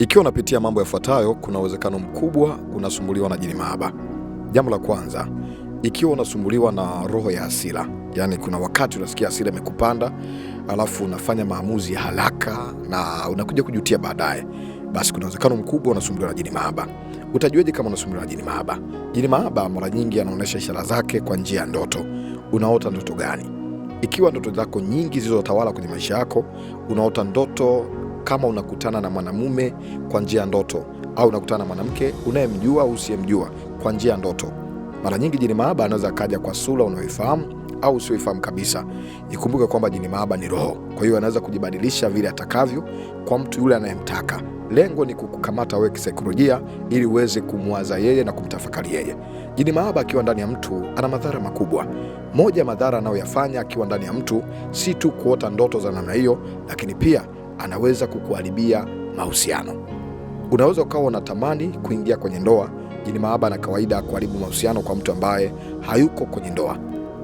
Ikiwa unapitia mambo yafuatayo, kuna uwezekano mkubwa unasumbuliwa na jini mahaba. Jambo la kwanza, ikiwa unasumbuliwa na roho ya hasira, yaani kuna wakati unasikia hasira imekupanda, alafu unafanya maamuzi ya haraka na unakuja kujutia baadaye, basi kuna uwezekano mkubwa unasumbuliwa na jini mahaba. Utajuaje kama unasumbuliwa na jini mahaba? Jini mahaba mara nyingi anaonyesha ishara zake kwa njia ya ndoto. Unaota ndoto gani? Ikiwa ndoto zako nyingi zilizotawala kwenye maisha yako, unaota ndoto kama unakutana na mwanamume kwa njia ya ndoto au unakutana na mwanamke unayemjua au usiyemjua kwa njia ya ndoto. Mara nyingi jini mahaba anaweza akaja kwa sura unayoifahamu au usioifahamu kabisa. Ikumbuke kwamba jini mahaba ni roho, kwa hiyo anaweza kujibadilisha vile atakavyo kwa mtu yule anayemtaka. Lengo ni kukukamata wewe kisaikolojia, ili uweze kumwaza yeye na kumtafakari yeye. Jini mahaba akiwa ndani ya mtu ana madhara makubwa. Moja, madhara anayoyafanya akiwa ndani ya mtu si tu kuota ndoto za namna hiyo, lakini pia anaweza kukuharibia mahusiano. Unaweza ukawa unatamani kuingia kwenye ndoa. Jini mahaba na kawaida kuharibu mahusiano kwa mtu ambaye hayuko kwenye ndoa,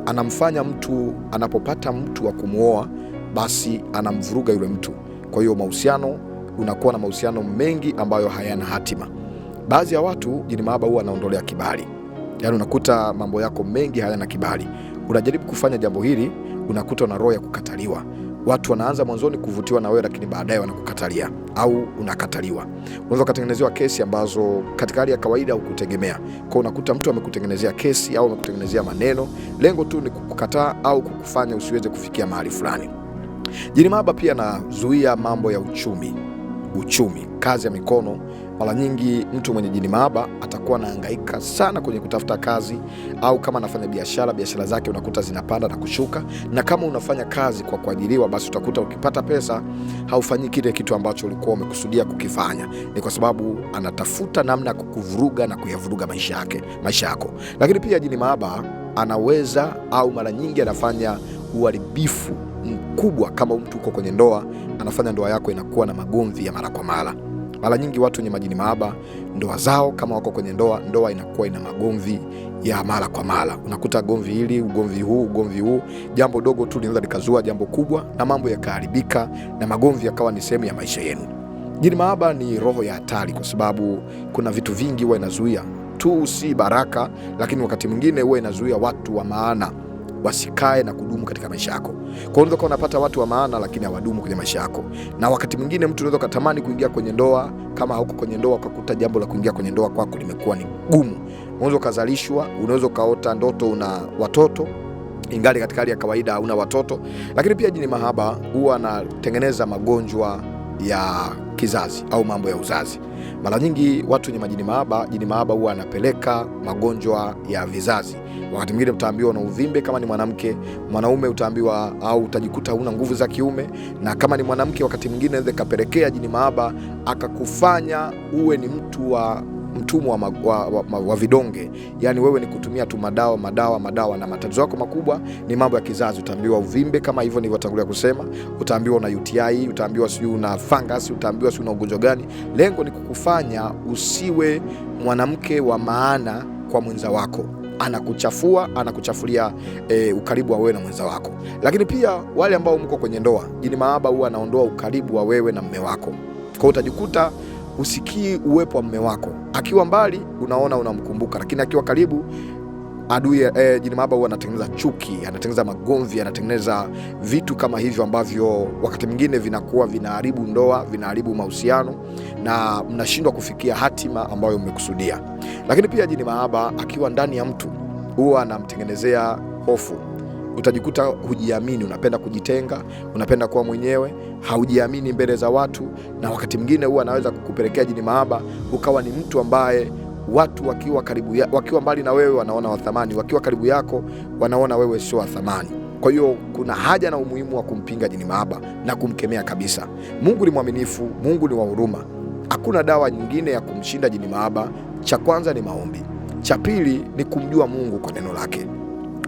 anamfanya mtu, anapopata mtu wa kumwoa, basi anamvuruga yule mtu. Kwa hiyo mahusiano, unakuwa na mahusiano mengi ambayo hayana hatima. Baadhi ya watu jini mahaba huwa anaondolea kibali, yaani unakuta mambo yako mengi hayana kibali. Unajaribu kufanya jambo hili, unakuta na roho ya kukataliwa, watu wanaanza mwanzoni kuvutiwa na wewe, lakini baadaye wanakukatalia au unakataliwa. Unaweza ukatengenezewa kesi ambazo katika hali ya kawaida hukutegemea. Kwa unakuta mtu amekutengenezea kesi au amekutengenezea maneno, lengo tu ni kukukataa au kukufanya usiweze kufikia mahali fulani. Jini mahaba pia anazuia mambo ya uchumi uchumi. Kazi ya mikono, mara nyingi mtu mwenye jini mahaba atakuwa anahangaika sana kwenye kutafuta kazi, au kama anafanya biashara, biashara zake unakuta zinapanda na kushuka, na kama unafanya kazi kwa kuajiriwa, basi utakuta ukipata pesa haufanyi kile kitu ambacho ulikuwa umekusudia kukifanya. Ni kwa sababu anatafuta namna ya kukuvuruga na kuyavuruga maisha yake, maisha yako. Lakini pia jini mahaba anaweza au mara nyingi anafanya uharibifu mkubwa kama mtu uko kwenye ndoa, anafanya ndoa yako inakuwa na magomvi ya mara kwa mara. Mara nyingi watu wenye majini mahaba ndoa zao, kama wako kwenye ndoa, ndoa inakuwa ina magomvi ya mara kwa mara. Unakuta gomvi hili, ugomvi huu, ugomvi huu, jambo dogo tu linaweza likazua jambo kubwa na mambo yakaharibika, na magomvi yakawa ni sehemu ya maisha yenu. Jini mahaba ni roho ya hatari, kwa sababu kuna vitu vingi huwa inazuia tu, si baraka, lakini wakati mwingine huwa inazuia watu wa maana wasikae na kudumu katika maisha yako. Kwa hiyo unaweza unapata watu wa maana, lakini hawadumu kwenye maisha yako. Na wakati mwingine mtu unaweza ukatamani kuingia kwenye ndoa, kama hauko kwenye ndoa ukakuta jambo la kuingia kwenye ndoa kwako limekuwa ni gumu. Unaweza ukazalishwa, unaweza ukaota ndoto una watoto ingali katika hali ya kawaida hauna watoto, lakini pia jini mahaba huwa anatengeneza magonjwa ya kizazi au mambo ya uzazi. Mara nyingi watu wenye majini maaba, jini maaba huwa anapeleka magonjwa ya vizazi. Wakati mwingine utaambiwa na uvimbe kama ni mwanamke, mwanaume utaambiwa au utajikuta huna nguvu za kiume, na kama ni mwanamke, wakati mwingine kapelekea jini maaba akakufanya uwe ni mtu wa mtumwa wa, wa, wa, wa vidonge. Yani wewe ni kutumia tu madawa madawa madawa, na matatizo yako makubwa ni mambo ya kizazi. Utaambiwa uvimbe kama hivyo nilivyotangulia kusema, utaambiwa una UTI, utaambiwa sijui una fungus, utaambiwa sijui una ugonjwa gani. Lengo ni kukufanya usiwe mwanamke wa maana kwa mwenza wako anakuchafua anakuchafulia e, ukaribu wa wewe na mwenza wako. Lakini pia wale ambao mko kwenye ndoa, jini mahaba huwa anaondoa ukaribu wa wewe na mme wako, kwa utajikuta husikii uwepo wa mme wako. Akiwa mbali unaona unamkumbuka, lakini akiwa karibu adui e, jini mahaba huwa anatengeneza chuki, anatengeneza magomvi, anatengeneza vitu kama hivyo ambavyo wakati mwingine vinakuwa vinaharibu ndoa, vinaharibu mahusiano na mnashindwa kufikia hatima ambayo mmekusudia. Lakini pia jini mahaba akiwa ndani ya mtu huwa anamtengenezea hofu. Utajikuta hujiamini, unapenda kujitenga, unapenda kuwa mwenyewe, haujiamini mbele za watu, na wakati mwingine huwa anaweza kukupelekea jini mahaba, ukawa ni mtu ambaye watu wakiwa karibu ya, wakiwa mbali na wewe wanaona wathamani, wakiwa karibu yako wanaona wewe sio wathamani. Kwa hiyo kuna haja na umuhimu wa kumpinga jini mahaba na kumkemea kabisa. Mungu ni mwaminifu, Mungu ni wa huruma. Hakuna dawa nyingine ya kumshinda jini mahaba. Cha kwanza ni maombi, cha pili ni kumjua Mungu kwa neno lake.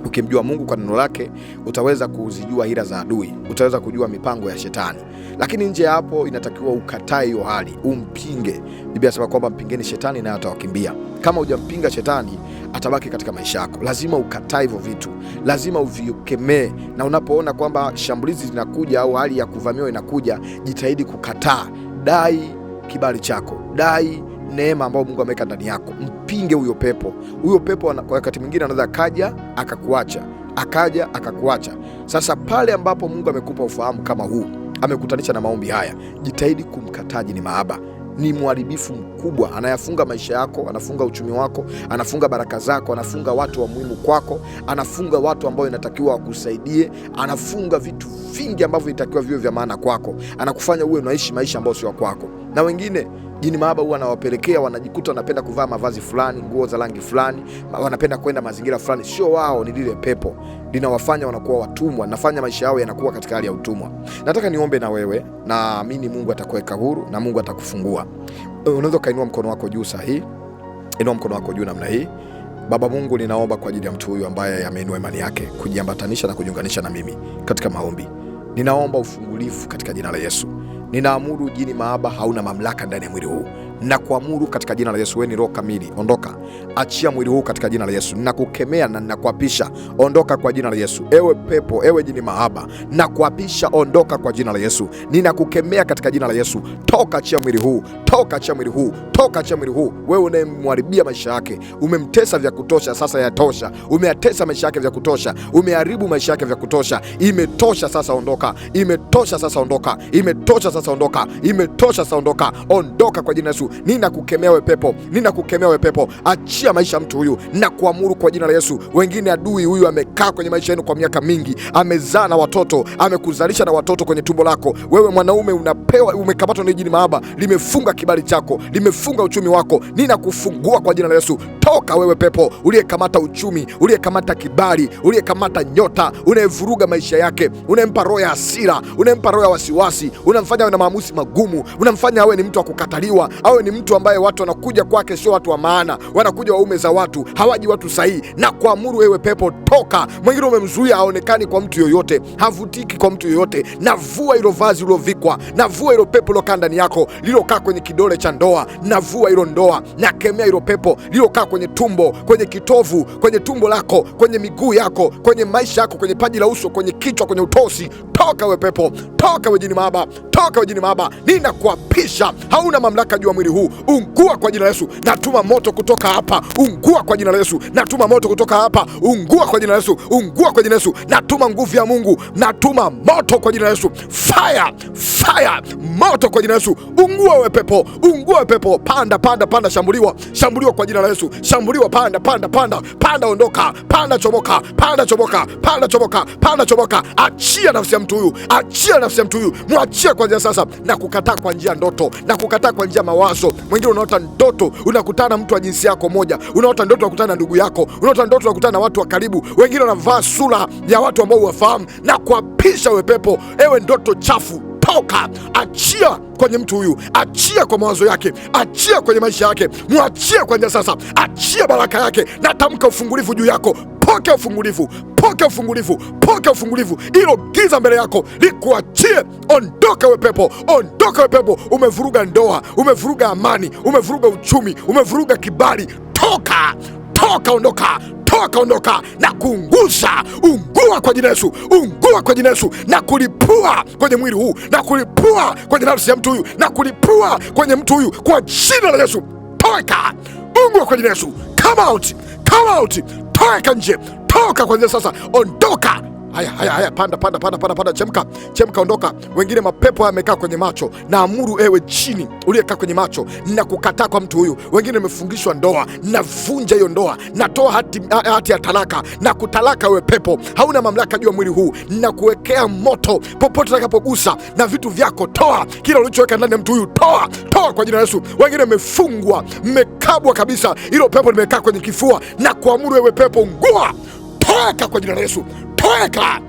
Ukimjua Mungu kwa neno lake utaweza kuzijua hila za adui, utaweza kujua mipango ya shetani. Lakini nje ya hapo inatakiwa ukatae hiyo hali, umpinge. Biblia inasema kwamba mpingeni shetani naye atawakimbia. Kama hujampinga shetani atabaki katika maisha yako. Lazima ukatae hivyo vitu, lazima uvikemee, na unapoona kwamba shambulizi linakuja au hali ya kuvamiwa inakuja, jitahidi kukataa. Dai kibali chako, dai neema ambayo Mungu ameweka ndani yako, mpinge huyo pepo. Huyo pepo wakati mwingine anaweza akaja akakuacha, akaja akakuacha. Sasa pale ambapo Mungu amekupa ufahamu kama huu amekutanisha na maombi haya. Jitahidi kumkataa jini mahaba. Ni mharibifu mkubwa, anayafunga maisha yako, anafunga uchumi wako, anafunga baraka zako, anafunga watu wa muhimu kwako, anafunga watu ambao inatakiwa wakusaidie, anafunga vitu vingi ambavyo inatakiwa viwe vya maana kwako, anakufanya uwe unaishi maisha ambayo sio kwako na wengine jini mahaba huwa anawapelekea, wanajikuta wanapenda kuvaa mavazi fulani, nguo za rangi fulani, wanapenda kwenda mazingira fulani. Sio wao, ni lile pepo linawafanya wanakuwa watumwa, nafanya maisha yao yanakuwa katika hali ya utumwa. Nataka niombe na wewe, naamini Mungu atakuweka huru na Mungu atakufungua. Unaweza ukainua mkono wako juu saa hii, inua mkono wako juu namna hii. Baba Mungu, ninaomba kwa ajili ya mtu huyu ambaye ameinua imani yake kujiambatanisha na kujiunganisha na mimi katika maombi. Ninaomba ufungulivu katika jina la Yesu ninaamuru jini maaba hauna mamlaka ndani ya mwili huu na kuamuru katika jina la Yesu, wewe ni roho kamili, ondoka. Achia mwili huu katika jina la Yesu. Nakukemea na nakuapisha, ondoka kwa jina la Yesu. Ewe pepo, ewe jini mahaba, nakuapisha, ondoka kwa jina la Yesu. Ninakukemea katika jina la Yesu, toka, achia mwili huu, toka, achia mwili huu, toka, achia mwili huu. Wewe unayemharibia maisha yake, umemtesa vya kutosha, sasa yatosha. umeatesa maisha yake vya kutosha, umeharibu maisha yake vya kutosha. Imetosha sasa, ondoka. Imetosha sasa, ondoka. Imetosha sasa, ondoka. Imetosha sasa, ondoka. Ondoka kwa jina la Yesu ninakukemea we pepo, ninakukemea we pepo, achia maisha mtu huyu na kuamuru kwa jina la Yesu. Wengine adui huyu amekaa kwenye maisha yenu kwa miaka mingi, amezaa na watoto, amekuzalisha na watoto kwenye tumbo lako. Wewe mwanaume unapewa, umekamatwa na jini mahaba, limefunga kibali chako, limefunga uchumi wako, ninakufungua kwa jina la Yesu. Toka wewe pepo uliyekamata uchumi, uliyekamata kibali, uliyekamata nyota, unayevuruga maisha yake, unayempa roho ya hasira, unayempa roho ya wasiwasi, unamfanya awe na maamuzi magumu, unamfanya awe ni mtu wa kukataliwa awe wewe ni mtu ambaye watu wanakuja kwake sio watu wa maana, wanakuja waume za watu, hawaji watu sahihi. Na kuamuru wewe pepo toka. Mwingine umemzuia haonekani kwa mtu yoyote, havutiki kwa mtu yoyote. Navua ilo vazi ulovikwa, navua ilo pepo lokaa ndani yako, lilokaa kwenye kidole cha ndoa, navua ilo ndoa, nakemea ilo pepo lilokaa kwenye tumbo, kwenye kitovu, kwenye tumbo lako, kwenye miguu yako, kwenye maisha yako, kwenye paji la uso, kwenye kichwa, kwenye utosi. Toka we pepo, toka we jini maaba, toka we jini maaba, ninakuapisha. Hauna mamlaka juu ya mwili mwili huu, ungua kwa jina la Yesu. Natuma moto kutoka hapa, ungua kwa jina la Yesu. Natuma moto kutoka hapa, ungua kwa jina la Yesu. Ungua kwa jina la Yesu. Natuma nguvu ya Mungu, natuma moto kwa jina la Yesu. Fire, fire, moto kwa jina la Yesu. Ungua wewe pepo, ungua wewe pepo. Panda, panda, panda, shambuliwa, shambuliwa kwa jina la Yesu. Shambuliwa, panda, panda, panda, panda, ondoka, panda, chomoka, panda, chomoka, panda, chomoka, panda, chomoka. Achia nafsi ya mtu huyu, achia nafsi ya mtu huyu, mwachie kwanzia sasa, na kukataa kwa njia ndoto, na kukataa kwa njia mawazo mawazo, mwingine unaota ndoto unakutana mtu wa jinsi yako moja, unaota ndoto unakutana na ndugu yako, unaota ndoto unakutana na watu wa karibu, wengine wanavaa sura ya watu ambao huwafahamu na kuapisha. Wewe pepo, ewe ndoto chafu Toka, achia kwenye mtu huyu, achia kwa mawazo yake, achia kwenye maisha yake, mwachie kwanza sasa, achia baraka yake, natamka ufungulivu juu yako. Pokea ufungulivu, pokea ufungulivu, pokea ufungulivu. Hilo giza mbele yako likuachie. Ondoka we pepo, ondoka we pepo. Umevuruga ndoa, umevuruga amani, umevuruga uchumi, umevuruga kibali. Toka, toka, ondoka Toka, ondoka na kuunguza. Ungua kwa jina Yesu, ungua kwa jina Yesu, na kulipua kwenye mwili huu, na kulipua kwenye nafsi ya mtu huyu, na kulipua kwenye mtu huyu kwa jina la Yesu. Toka, ungua kwa jina Yesu. Come out, come out. Toka nje, toka kwanzia sasa, ondoka. Haya, haya, haya, panda, panda, panda, panda, panda, chemka, chemka, ondoka. Wengine mapepo yamekaa kwenye macho, na amuru ewe chini uliyekaa kwenye macho na kukataa kwa mtu huyu. Wengine wamefungishwa ndoa, navunja hiyo ndoa, natoa hati, hati ya talaka na kutalaka. Wewe pepo hauna mamlaka juu ya mwili huu, na kuwekea moto popote utakapogusa na vitu vyako. Toa kila ulichoweka ndani ya mtu huyu, toa, toa kwa jina la Yesu. Wengine mmefungwa, mmekabwa kabisa, hilo pepo limekaa kwenye kifua na kuamuru ewe pepo, ngua, toka kwa jina la Yesu toweka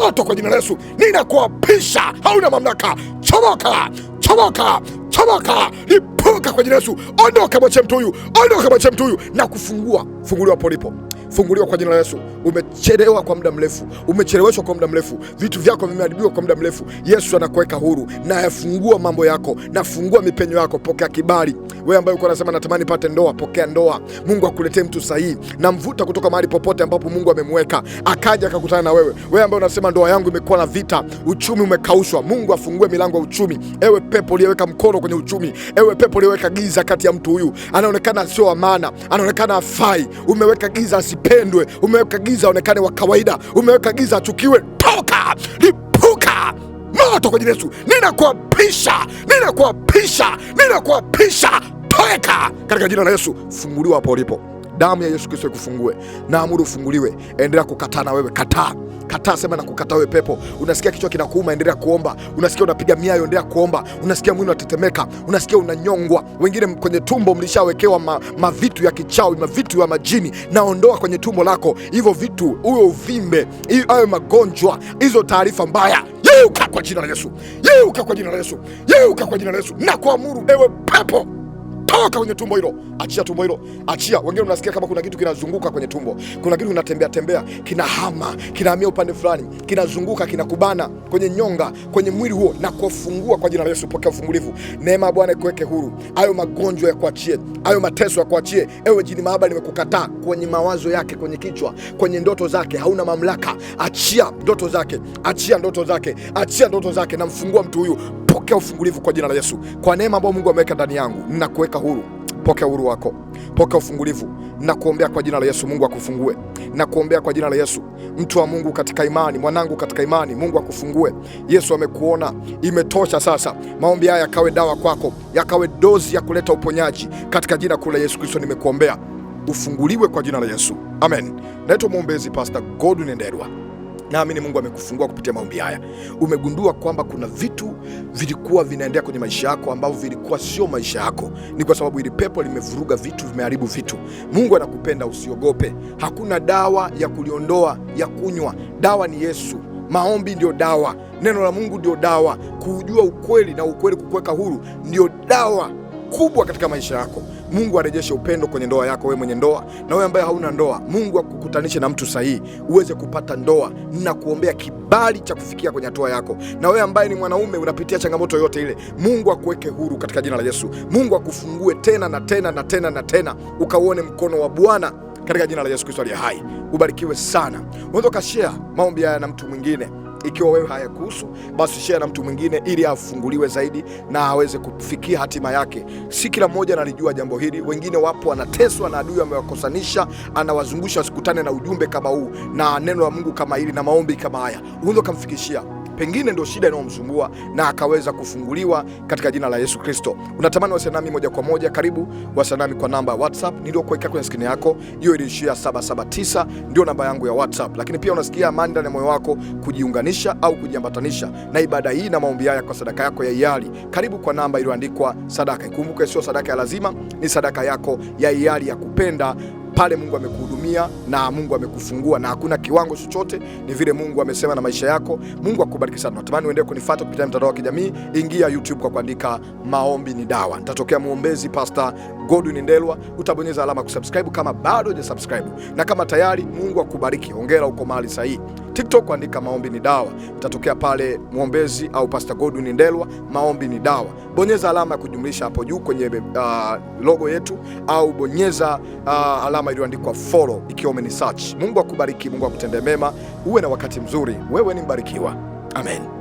moto kwa jina la Yesu. Ninakuapisha, hauna mamlaka. choboka, choboka, choboka, lipuka kwa jina la Yesu. Ondoka, mwache mtu huyu, ondoka, mwache mtu huyu na kufungua funguliwa polipo Funguliwa kwa jina la Yesu. Umechelewa kwa muda mrefu, umecheleweshwa kwa muda mrefu, vitu vyako vimeharibiwa kwa muda mrefu. Yesu anakuweka huru na ayafungua mambo yako, nafungua mipenyo yako. Pokea kibali. Wewe ambaye uko unasema natamani pate ndoa, pokea ndoa. Mungu akuletee mtu sahihi, namvuta kutoka mahali popote ambapo Mungu amemweka akaja akakutana na wewe. Wewe ambaye unasema ndoa yangu imekuwa na vita, uchumi umekaushwa, Mungu afungue milango ya uchumi. Ewe pepo uliyeweka mkono kwenye uchumi, ewe pepo uliyeweka giza kati ya mtu huyu, anaonekana sio wa maana, anaonekana afai, umeweka giza asi asipendwe, umeweka giza aonekane wa kawaida, umeweka giza achukiwe. Toka, lipuka moto kwa jina Yesu! Ninakuapisha, ninakuapisha, ninakuapisha, toeka katika jina la Yesu. Funguliwa hapo ulipo. Damu ya Yesu Kristo ikufungue. Naamuru ufunguliwe. Endelea kukataa na wewe, kataa kataa, sema na kukataa wewe pepo. Unasikia kichwa kinakuuma, endelea kuomba. Unasikia unapiga miayo, endelea kuomba. Unasikia mwili unatetemeka, unasikia unanyongwa. Wengine kwenye tumbo mlishawekewa ma, mavitu ya kichawi, mavitu ya majini. Naondoa kwenye tumbo lako hivyo vitu, huyo uvimbe, hayo magonjwa, hizo taarifa mbaya yeuka kwa jina la Yesu, yeuka kwa jina la Yesu, yeuka kwa jina la Yesu. Nakuamuru ewe pepo toka kwenye tumbo hilo, achia tumbo hilo, achia. Wengine unasikia kama kuna kitu kinazunguka kwenye tumbo, kuna kitu kinatembea tembea, kinahama, kinahamia upande fulani, kinazunguka, kinakubana kwenye nyonga, kwenye mwili huo, na kufungua kwa jina la Yesu. Pokea ufungulivu, neema ya Bwana ikuweke huru, hayo magonjwa ya kuachie, hayo mateso ya kuachie. Ewe jini maaba, nimekukataa kwenye mawazo yake, kwenye kichwa, kwenye ndoto zake, hauna mamlaka. Achia ndoto zake, achia ndoto zake, achia ndoto zake, namfungua mtu huyu Pokea ufungulivu kwa jina la Yesu. Kwa neema ambayo Mungu ameweka ndani yangu, ninakuweka huru. Pokea uhuru wako, pokea ufungulivu. Nakuombea kwa jina la Yesu, Mungu akufungue. Nakuombea kwa jina la Yesu, mtu wa Mungu katika imani, mwanangu katika imani, Mungu akufungue. Yesu amekuona, imetosha. Sasa maombi haya yakawe dawa kwako, yakawe dozi ya kuleta uponyaji katika jina kuu la Yesu Kristo. Nimekuombea ufunguliwe kwa jina la Yesu, amen. Naitwa mwombezi Pastor Godwin Ndelwa. Naamini Mungu amekufungua kupitia maombi haya. Umegundua kwamba kuna vitu vilikuwa vinaendea kwenye maisha yako ambavyo vilikuwa sio maisha yako, ni kwa sababu ili pepo limevuruga vitu, vimeharibu vitu. Mungu anakupenda, usiogope. Hakuna dawa ya kuliondoa ya kunywa, dawa ni Yesu. Maombi ndiyo dawa, neno la Mungu ndiyo dawa, kuujua ukweli na ukweli kukuweka huru ndiyo dawa kubwa katika maisha yako. Mungu arejeshe upendo kwenye ndoa yako, wewe mwenye ndoa na wewe ambaye hauna ndoa. Mungu akukutanishe na mtu sahihi uweze kupata ndoa na kuombea kibali cha kufikia kwenye hatua yako. Na wewe ambaye ni mwanaume unapitia changamoto yote ile, Mungu akuweke huru katika jina la Yesu. Mungu akufungue tena na tena na tena na tena, ukauone mkono wa Bwana katika jina la Yesu Kristo aliye hai. Ubarikiwe sana. Unaweza ukashea maombi haya na mtu mwingine ikiwa wewe hayakuhusu, basi share na mtu mwingine, ili afunguliwe zaidi na aweze kufikia hatima yake. Si kila mmoja analijua jambo hili. Wengine wapo wanateswa na adui, amewakosanisha, anawazungusha wasikutane na ujumbe kama huu na neno la Mungu kama hili na maombi kama haya, unaweza ukamfikishia pengine ndio shida inayomsumbua na akaweza kufunguliwa katika jina la Yesu Kristo. Unatamani wasanami moja kwa moja? Karibu wasanami kwa namba ya WhatsApp niliyokuweka kwenye skrini yako, hiyo iliishia 779 ndio namba yangu ya WhatsApp. Lakini pia unasikia amani ndani ya moyo wako kujiunganisha au kujiambatanisha na ibada hii na maombi haya kwa sadaka yako ya hiari, karibu kwa namba iliyoandikwa sadaka. Ikumbuke sio sadaka ya lazima, ni sadaka yako ya hiari ya kupenda pale Mungu amekuhudumia dunia na Mungu amekufungua na hakuna kiwango chochote, ni vile Mungu amesema na maisha yako. Mungu akubariki sana. Natamani uendelee kunifuata kupitia mtandao wa kijamii, ingia YouTube kwa kuandika maombi ni dawa, nitatokea muombezi Pastor Godwin Ndelwa, utabonyeza alama kusubscribe kama bado hujasubscribe, na kama tayari, Mungu akubariki. Hongera, uko mahali sahihi. TikTok kuandika maombi ni dawa, itatokea pale mwombezi au Pastor Godwin Ndelwa, maombi ni dawa. Bonyeza alama ya kujumlisha hapo juu kwenye uh, logo yetu, au bonyeza uh, alama iliyoandikwa follow ikiwa umenisearch. Mungu akubariki, Mungu akutende mema, uwe na wakati mzuri. Wewe ni mbarikiwa. Amen.